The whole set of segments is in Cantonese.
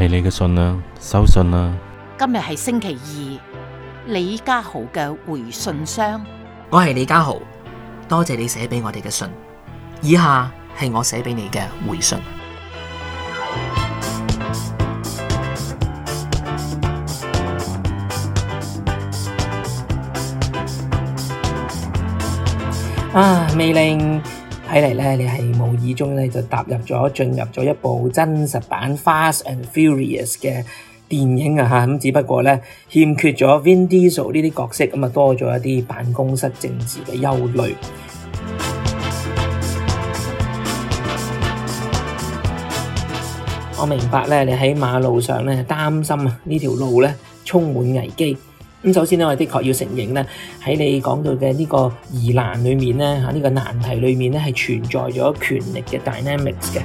係你嘅信啦，收信啦。今日係星期二，李家豪嘅回信箱。我係李家豪，多謝你寫俾我哋嘅信。以下係我寫俾你嘅回信。啊，未令，睇嚟咧，你係。耳中咧就踏入咗，進入咗一部真實版《Fast and Furious》嘅電影啊！嚇，咁只不過咧欠缺咗 Vin Diesel 呢啲角色，咁啊多咗一啲辦公室政治嘅憂慮。 我明白咧，你喺馬路上咧擔心啊，呢條路咧充滿危機。首先我哋的確要承認咧，喺你講到嘅呢個疑難裏面咧，吓、這、呢個難題裏面咧，係存在咗權力嘅 dynamics 嘅。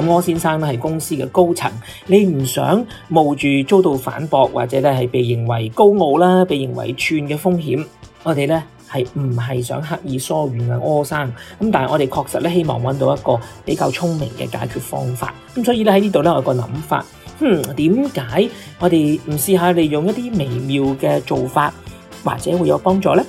咁 柯先生咧係公司嘅高層，你唔想冒住遭到反駁或者咧係被認為高傲啦，被認為串嘅風險，我哋呢。係唔係想刻意疏遠啊？柯生咁，但係我哋確實咧希望揾到一個比較聰明嘅解決方法。咁所以咧喺呢度咧我有個諗法，哼，點解我哋唔試下利用一啲微妙嘅做法，或者會有幫助呢？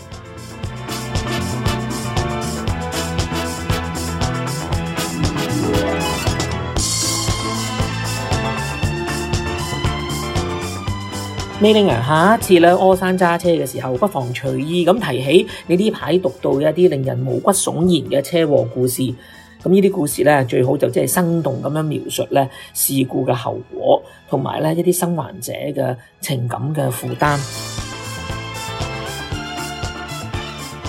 咩令啊？下一次咧，柯山揸車嘅時候，不妨隨意咁提起你呢排讀到一啲令人毛骨悚然嘅車禍故事。咁呢啲故事咧，最好就即係生動咁樣描述咧事故嘅後果，同埋咧一啲生還者嘅情感嘅負擔。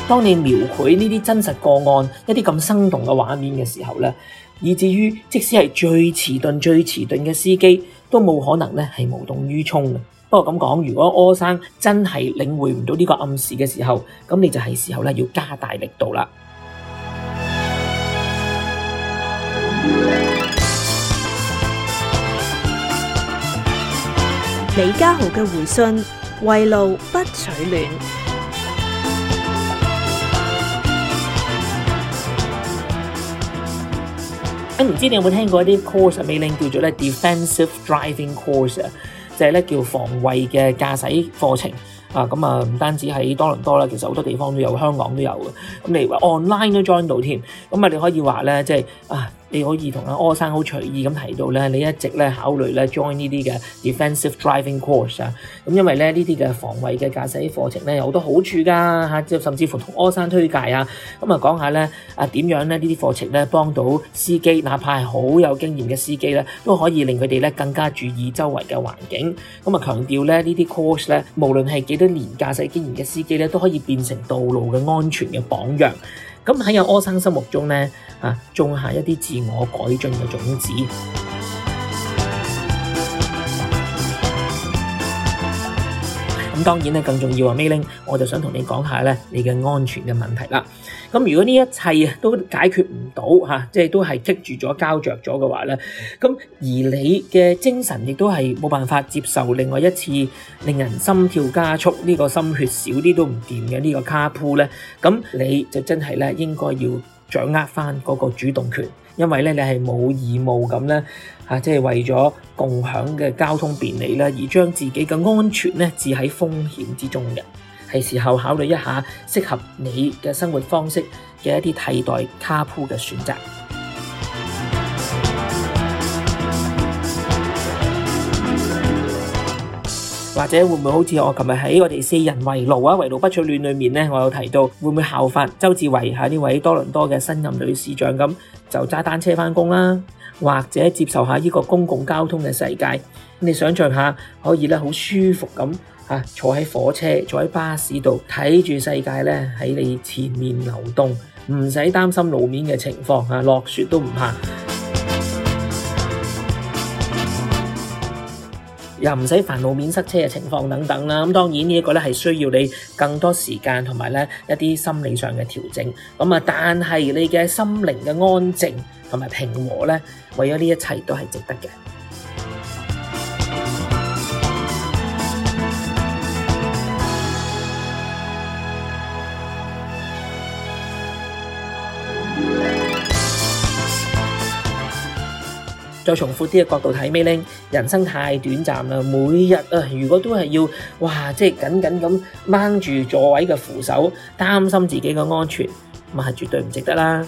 當你描繪呢啲真實個案，一啲咁生動嘅畫面嘅時候咧，以至於即使係最遲鈍、最遲鈍嘅司機，都冇可能咧係無動於衷嘅。不過咁講，如果柯生真係領會唔到呢個暗示嘅時候，咁你就係時候咧要加大力度啦。李家豪嘅回信：為路不取暖。誒唔知你有冇聽過一啲 course 啊？美玲叫做咧 Defensive Driving Course 啊。即係咧叫防衞嘅駕駛課程啊，咁啊唔單止喺多倫多啦，其實好多地方都有，香港都有嘅。咁、嗯、你話 online 都 join 到添，咁、嗯、啊你可以話咧，即係啊。你可以同阿柯生好隨意咁提到咧，你一直咧考慮咧 join 呢啲嘅 defensive driving course 啊，咁因為咧呢啲嘅防衞嘅駕駛課程咧有好多好處噶嚇，即甚至乎同柯生推介啊，咁啊講下咧啊點樣咧呢啲課程咧幫到司機，哪怕係好有經驗嘅司機咧，都可以令佢哋咧更加注意周圍嘅環境。咁啊強調咧呢啲 course 咧，無論係幾多年駕駛經驗嘅司機咧，都可以變成道路嘅安全嘅榜樣。咁喺阿柯生心目中呢，啊，種下一啲自我改進嘅種子。咁當然咧，更重要啊 m a 我就想同你講下咧，你嘅安全嘅問題啦。咁如果呢一切都解決唔到嚇，即係都係棘住咗，膠着咗嘅話咧，咁而你嘅精神亦都係冇辦法接受另外一次令人心跳加速呢、這個心血少啲都唔掂嘅呢個卡鋪咧，咁你就真係咧應該要。掌握翻嗰個主動權，因為咧你係冇義務咁咧嚇，即係為咗共享嘅交通便利啦，而將自己嘅安全咧置喺風險之中嘅。係時候考慮一下適合你嘅生活方式嘅一啲替代卡鋪嘅選擇。或者會唔會好似我琴日喺我哋《四人圍爐啊圍爐不取暖》裏面呢？我有提到會唔會效法鄒至蕙，吓呢位多倫多嘅新任女市長咁，就揸單車翻工啦？或者接受下呢個公共交通嘅世界，你想象下，可以咧好舒服咁吓坐喺火車、坐喺巴士度睇住世界呢，喺你前面流動，唔使擔心路面嘅情況啊，落雪都唔怕。又唔使煩惱路面塞車嘅情況等等啦，咁當然呢一個咧係需要你更多時間同埋咧一啲心理上嘅調整。咁啊，但係你嘅心靈嘅安靜同埋平和咧，為咗呢一切都係值得嘅。再從闊啲嘅角度睇，咩呢？人生太短暫啦，每日啊，如果都係要，哇，即係緊緊咁掹住座位嘅扶手，擔心自己嘅安全，咪係絕對唔值得啦。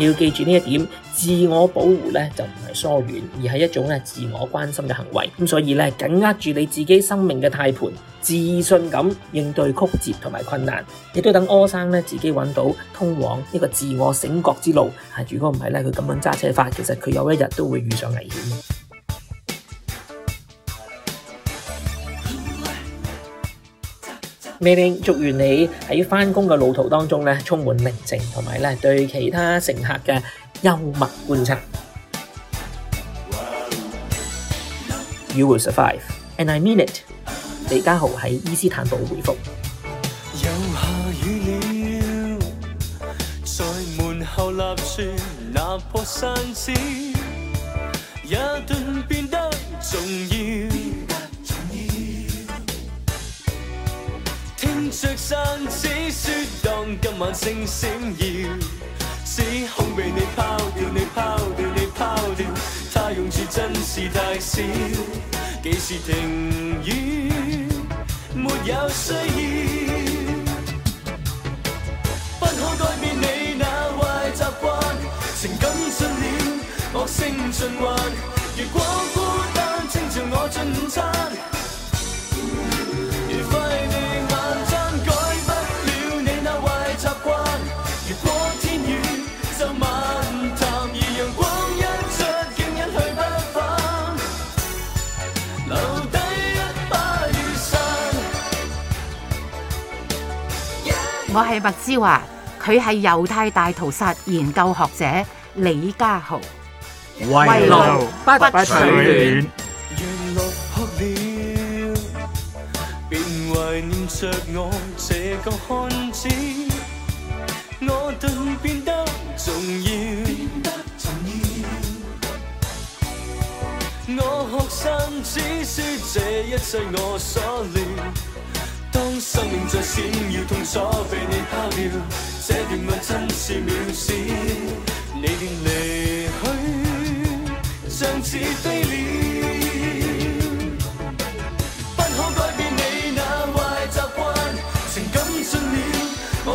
你要記住呢一點，自我保護咧就唔係疏遠，而係一種咧自我關心嘅行為。咁所以咧，緊握住你自己生命嘅軚盤，自信咁應對曲折同埋困難，亦都等柯生咧自己揾到通往一個自我醒覺之路。係，如果唔係咧，佢咁樣揸車法，其實佢有一日都會遇上危險。咩令？祝願你喺返工嘅路途當中咧，充滿寧靜同埋咧，對其他乘客嘅幽默觀察。You will survive, and I mean it。李家豪喺伊斯坦堡回覆。着身只説當今晚星閃耀，只恐被你拋掉，你拋掉，你拋掉。他用處真是太少，幾時停雨？沒有需要，不可改變你那壞習慣，情感盡了，惡性循環。如果孤單，請讓我進午餐。我係麥之華，佢係猶太大屠殺研究學者李家豪。為路不取暖。